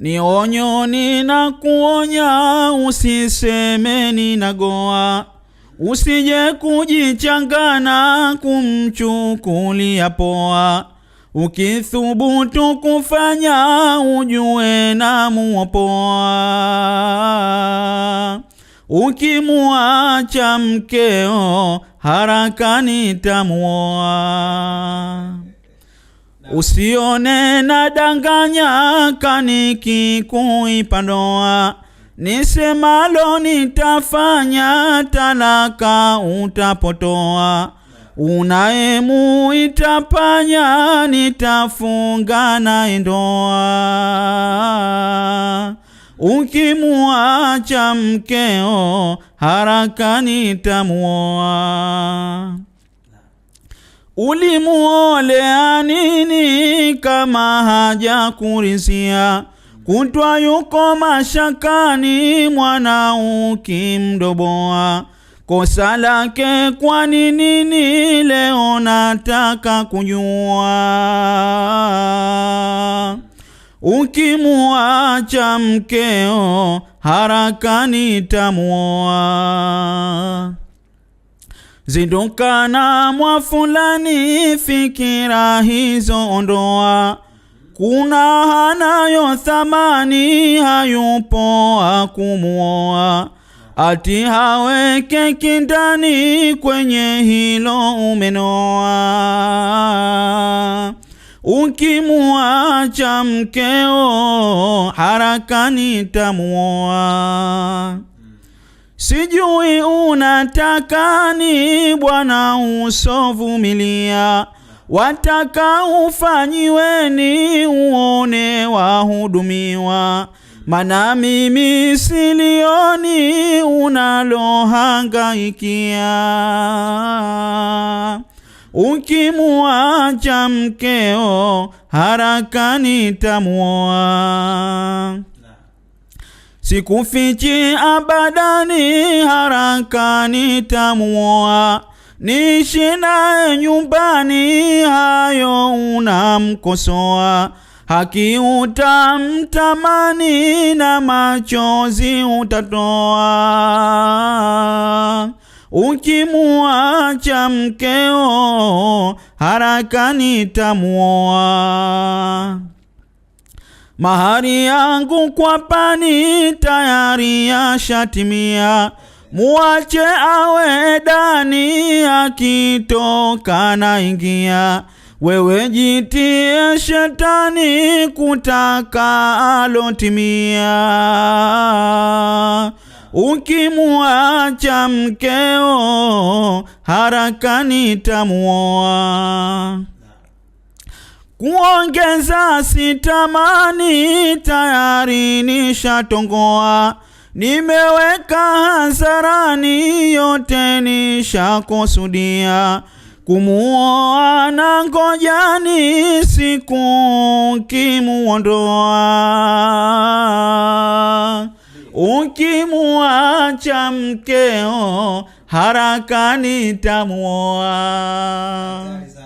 Ni onyo ninakuonya, usiseme ninagoa, usije kujichangana kumchukulia poa. Ukithubutu kufanya, ujue muopoa. Ukimwacha mkeo, haraka nitamuoa. Usione na danganya kaniki kuipa ndoa, nisemalo nitafanya, talaka utapotoa. unaemu itapanya nitafunga naye ndoa. Ukimuacha mkeo, haraka nitamuoa. Ulimuolea nini kama kurisia Kutwa yuko mashakani, mwana ukimdoboa. Kosa lake kwani nini? Leo nataka kujua. Ukimuacha mkeo, harakani nitamuoa. Zinduka na mwafulani, fikira hizo ondoa. Kuna hanayo thamani, hayupo akumuoa. Ati haweke kindani, kwenye hilo umenoa. Ukimuacha mkeo, harakani tamuoa Sijui unataka ni Bwana, usovumilia wataka ufanyiweni, uone wahudumiwa. Mana mimi silioni unalohangaikia, ukimuacha mkeo haraka nitamuoa. Sikufichi abadani, haraka nitamuoa, niishi naye nyumbani, hayo unamkosoa. Haki utamtamani, na machozi utatoa. Ukimuacha mkeo, haraka nitamuoa. Mahari yangu kwa pani tayari yashatimia, muache awe dani, akitoka na ingia. Wewe jitie shetani, kutaka alotimia. Ukimuacha mkeo, harakani nitamuoa kuongeza sitamani, tayari nishatongoa, nimeweka hasarani, yote nishakusudia kumuoa na ngojani, siku kimuondoa Ukimuacha mkeo haraka nitamuoa.